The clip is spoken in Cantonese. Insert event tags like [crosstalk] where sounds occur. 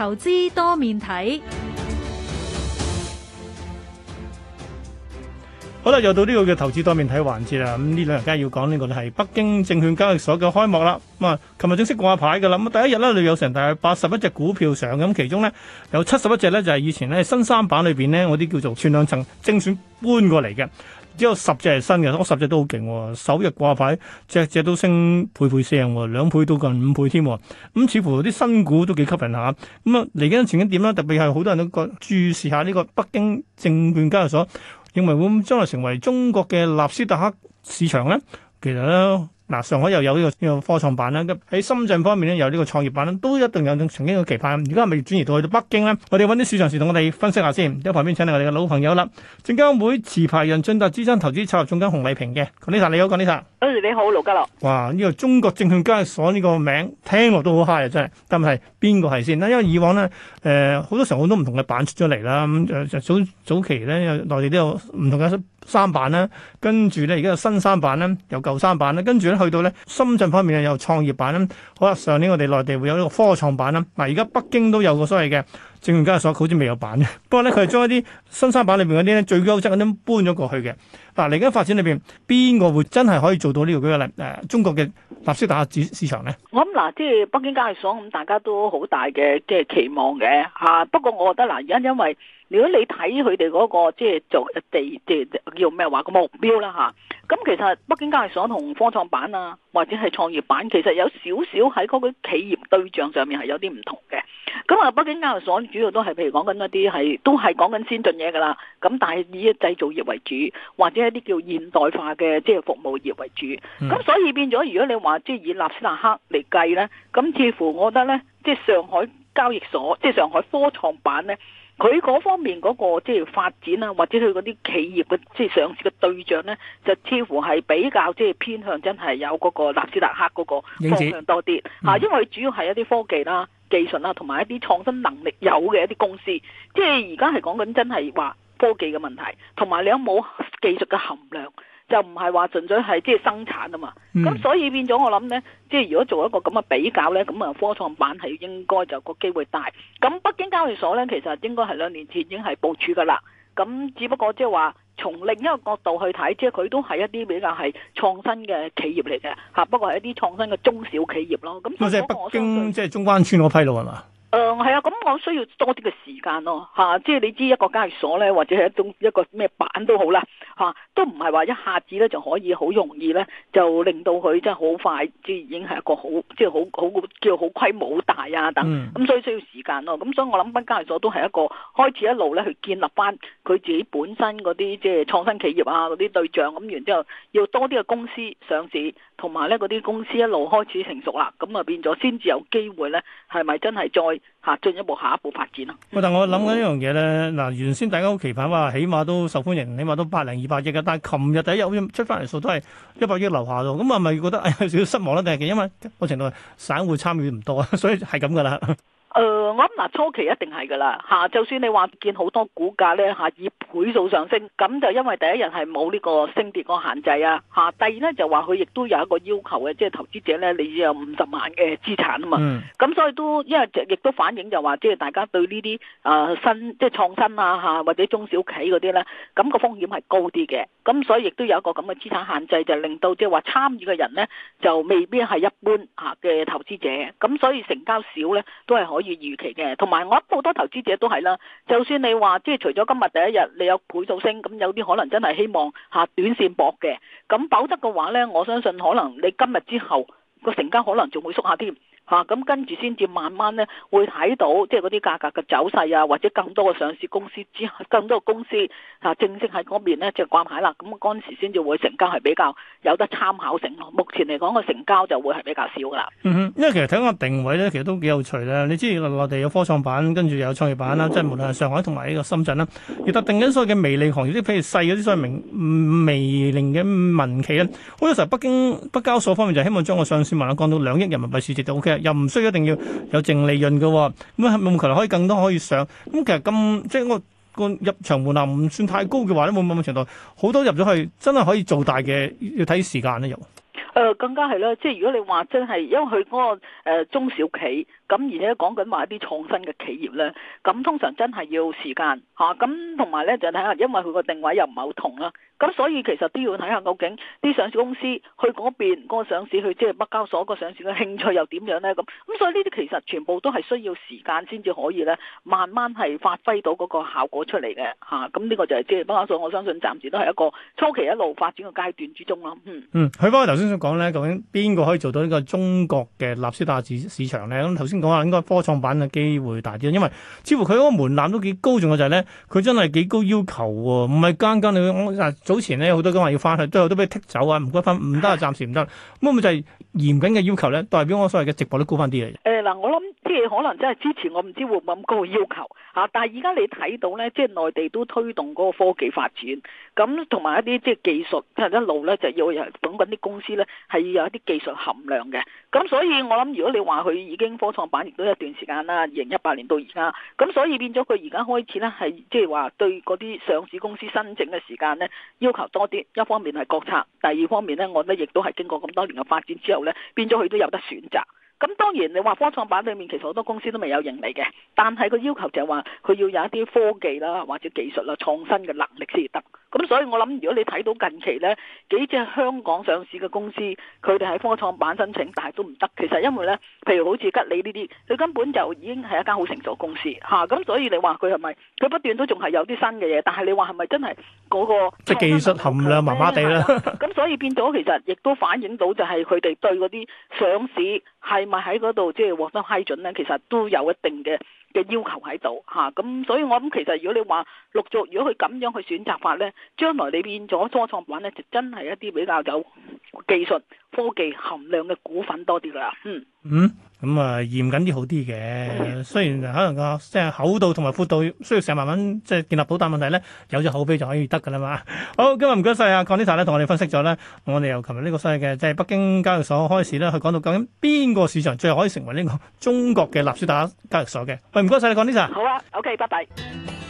投資多面睇，好啦，又到呢個嘅投資多面睇環節啦。咁呢兩日間要講呢個咧係北京證券交易所嘅開幕啦。咁啊，琴日正式掛牌噶啦。咁第一日咧，你有成大約八十一隻股票上，咁其中咧有七十一隻咧就係以前咧新三板裏邊咧嗰啲叫做精選層精選搬過嚟嘅。只有十隻係新嘅，我十隻都好勁、哦，首日掛牌隻隻都升倍倍聲、哦，兩倍到近五倍添，咁、嗯、似乎啲新股都幾吸引下。咁啊嚟緊前景點啦？特別係好多人都關注視下呢個北京證券交易所，認為會唔會將來成為中國嘅納斯達克市場咧？其實咧。嗱，上海又有呢個呢個科創板啦，咁喺深圳方面咧有呢個創業板啦，都一定有曾經嘅期盼。而家係咪轉移到去到北京咧？我哋揾啲市場事同我哋分析下先。喺旁邊請嚟我哋嘅老朋友啦，證監會持牌人駿達資產投資策略總監熊麗萍嘅。郭禮你好，郭禮達。誒你好，盧家樂。你好哇，呢、呢個中國證券交易所呢個名聽落都好嗨啊！真係，但係邊個係先咧？因為以往呢，誒、呃、好多時候好多唔同嘅板出咗嚟啦，咁、嗯、就早早期咧有內地都有唔同嘅三板啦，跟住咧而家有新三板啦，有舊三板啦。跟住咧。去到咧深圳方面啊，有創業板啦。好啦，上年我哋內地會有呢個科創板啦。嗱，而家北京都有個所謂嘅。證券交易所好似未有版嘅，不過咧佢係將一啲新三板裏邊嗰啲咧最優質咁樣搬咗過去嘅。嗱、啊，嚟緊發展裏邊，邊個會真係可以做到呢、呢個嗰個誒中國嘅納斯達克市場咧？我諗嗱，即係北京交易所咁，大家都好大嘅嘅期望嘅嚇。不過我覺得嗱，而家因為如果你睇佢哋嗰個即係做地即係叫咩話個目標啦嚇，咁、啊、其實北京交易所同科創板啊，或者係創業板，其實有少少喺嗰個企業對象上面係有啲唔同嘅。咁啊，北京交易所主要都係譬如講緊一啲係都係講緊先進嘢噶啦，咁但係以一製造業為主，或者一啲叫現代化嘅即係服務業為主，咁、嗯、所以變咗如果你話即係以納斯達克嚟計咧，咁似乎我覺得咧，即、就、係、是、上海交易所即係、就是、上海科創板咧，佢嗰方面嗰個即係發展啦，或者佢嗰啲企業嘅即係上市嘅對象咧，就似乎係比較即係偏向真係有嗰個納斯達克嗰個方向多啲，吓，嗯、因為主要係一啲科技啦。技術啦、啊，同埋一啲創新能力有嘅一啲公司，即係而家係講緊真係話科技嘅問題，同埋你有冇技術嘅含量，就唔係話純粹係即係生產啊嘛。咁所以變咗我諗呢，即係如果做一個咁嘅比較呢，咁啊科創板係應該就個機會大。咁北京交易所呢，其實應該係兩年前已經係部署噶啦，咁只不過即係話。從另一個角度去睇，即係佢都係一啲比較係創新嘅企業嚟嘅嚇，不過係一啲創新嘅中小企業咯。咁、嗯，我即係北京即係中關村嗰批咯，係嘛？誒係、 [noise] 嗯、啊，咁我需要多啲嘅時間咯，嚇、啊，即係你知一個交易所咧，或者係一種一個咩板都好啦，嚇、啊，都唔係話一下子咧就可以好容易咧，就令到佢即係好快，即係已經係一個好，即係好好叫好規模好大啊等，咁所以需要時間咯。咁、啊、所以我諗，返交易所都係一個開始一路咧去建立翻佢自己本身嗰啲即係創新企業啊嗰啲對象。咁、嗯、完之後，要多啲嘅公司上市，同埋咧嗰啲公司一路開始成熟啦，咁啊變咗先至有機會咧，係咪真係再？吓，進一步下一步發展咯。但我諗緊呢樣嘢咧，嗱，原先大家好期盼話，起碼都受歡迎，起碼都百零二百億嘅。但係琴日第一日好出翻嚟數都係一百億樓下度，咁啊，咪覺得有少少失望咧？定係因為個程度散戶參與唔到，啊，所以係咁噶啦。誒、呃，我諗嗱，初期一定係噶啦，吓、啊，就算你話見好多股價咧，吓、啊，以倍數上升，咁就因為第一日係冇呢個升跌個限制啊，吓、啊，第二咧就話佢亦都有一個要求嘅，即、就、係、是、投資者咧，你要有五十萬嘅資產啊嘛，咁、嗯、所以都因為亦都反映就話，即、就、係、是、大家對呢啲誒新即係、就是、創新啊吓，或者中小企嗰啲咧，咁、那個風險係高啲嘅，咁所以亦都有一個咁嘅資產限制，就令到即係話參與嘅人咧就未必係一般吓嘅投資者，咁所以成交少咧都係可。可以預期嘅，同埋我諗好多投資者都係啦。就算你話即係除咗今日第一日你有倍數升，咁有啲可能真係希望吓短線搏嘅。咁否則嘅話咧，我相信可能你今日之後個成交可能仲會縮下添。啊，咁跟住先至慢慢咧，會睇到即係嗰啲價格嘅走勢啊，或者更多嘅上市公司之，更多嘅公司啊，正式喺嗰邊咧就掛牌啦。咁嗰陣時先至會成交係比較有得參考性咯。目前嚟講個成交就會係比較少噶啦。嗯哼，因為其實睇翻定位咧，其實都幾有趣咧。你知內地有科創板，跟住有創業板啦，即係無論係上海同埋呢個深圳啦，而特定緊所謂嘅微利行業，即係譬如細嗰啲所謂明微利嘅民企咧，好多時候北京北交所方面就希望將個上市量啊降到兩億人民幣市值就 O K 啦。又唔需要一定要有淨利潤嘅，咁係咪其實可以更多可以上，咁其實咁。即係嗰個入場門檻唔算太高嘅話咧，夢夢強度好多入咗去真係可以做大嘅，要睇時間咧又。誒、呃，更加係啦，即係如果你話真係因為佢嗰、嗰個、呃、中小企。咁而且講緊話一啲創新嘅企業咧，咁通常真係要時間嚇，咁同埋咧就睇下，因為佢個定位又唔係好同啦，咁、啊、所以其實都要睇下究竟啲上市公司去嗰邊嗰、嗰個上市去，去即係北交所、嗰個上市嘅興趣又點樣咧？咁、啊、咁所以呢啲其實全部都係需要時間先至可以咧，慢慢係發揮到嗰個效果出嚟嘅嚇。咁、啊、呢個就係、是、即係北交所，我相信暫時都係一個初期一路發展嘅階段之中咯。嗯，嗯，去翻我頭先想講咧，究竟邊個可以做到呢個中國嘅納斯達克市市場咧？咁頭先。講下應該科創板嘅機會大啲，因為似乎佢嗰個門檻都幾高，仲有就係咧，佢真係幾高要求喎，唔係間間你我嗱早前咧好多都話要翻去，最後都俾剔走啊，唔得翻，唔得，暫時唔得。咁咪 [laughs] 就係嚴謹嘅要求咧，代表我所謂嘅直播都高翻啲嘅。誒嗱、呃，我諗即係可能真係之前我唔知會唔會咁高嘅要求嚇、啊，但係而家你睇到咧，即係內地都推動嗰個科技發展，咁同埋一啲即係技術、就是、一路咧，就要揾揾啲公司咧係有一啲技術含量嘅。咁所以我諗如果你話佢已經科創，板亦都一段時間啦，二零一八年到而家，咁所以變咗佢而家開始咧，係即係話對嗰啲上市公司申請嘅時間咧，要求多啲。一方面係國策，第二方面咧，我覺得亦都係經過咁多年嘅發展之後咧，變咗佢都有得選擇。咁當然你話科創板裏面其實好多公司都未有盈利嘅，但係個要求就係話佢要有一啲科技啦或者技術啦創新嘅能力先至得。所以我諗，如果你睇到近期呢幾隻香港上市嘅公司，佢哋喺科創板申請，但係都唔得。其實因為呢，譬如好似吉利呢啲，佢根本就已經係一間好成熟公司，嚇、啊。咁所以你話佢係咪？佢不斷都仲係有啲新嘅嘢，但係你話係咪真係嗰個？即係技術含量麻麻地呢？咁、 [laughs] 啊、所以變咗，其實亦都反映到就係佢哋對嗰啲上市係咪喺嗰度即係獲得批准呢，其實都有一定嘅。嘅要求喺度吓，咁、啊、所以我諗，其實如果你話陸續如果佢咁樣去選擇法咧，將來你變咗科創板咧，就真係一啲比較有技術科技含量嘅股份多啲啦，嗯。嗯，咁啊嚴謹啲好啲嘅， [noise] 雖然可能個即係厚度同埋闊度需要成日慢慢，即係建立保單問題咧，有咗口碑就可以得㗎喇嘛。 [laughs] 好，今日唔該晒阿 Connie 咧，同、 [noise] 啊、我哋分析咗咧，我哋由琴日呢個所謂嘅即係北京交易所開始咧，去講到究竟邊個市場最後可以成為呢個中國嘅納斯達克交易所嘅。喂，唔該晒你，Connie。 [noise] 好啊 [noise] ，OK，拜 bye 拜。 [noise]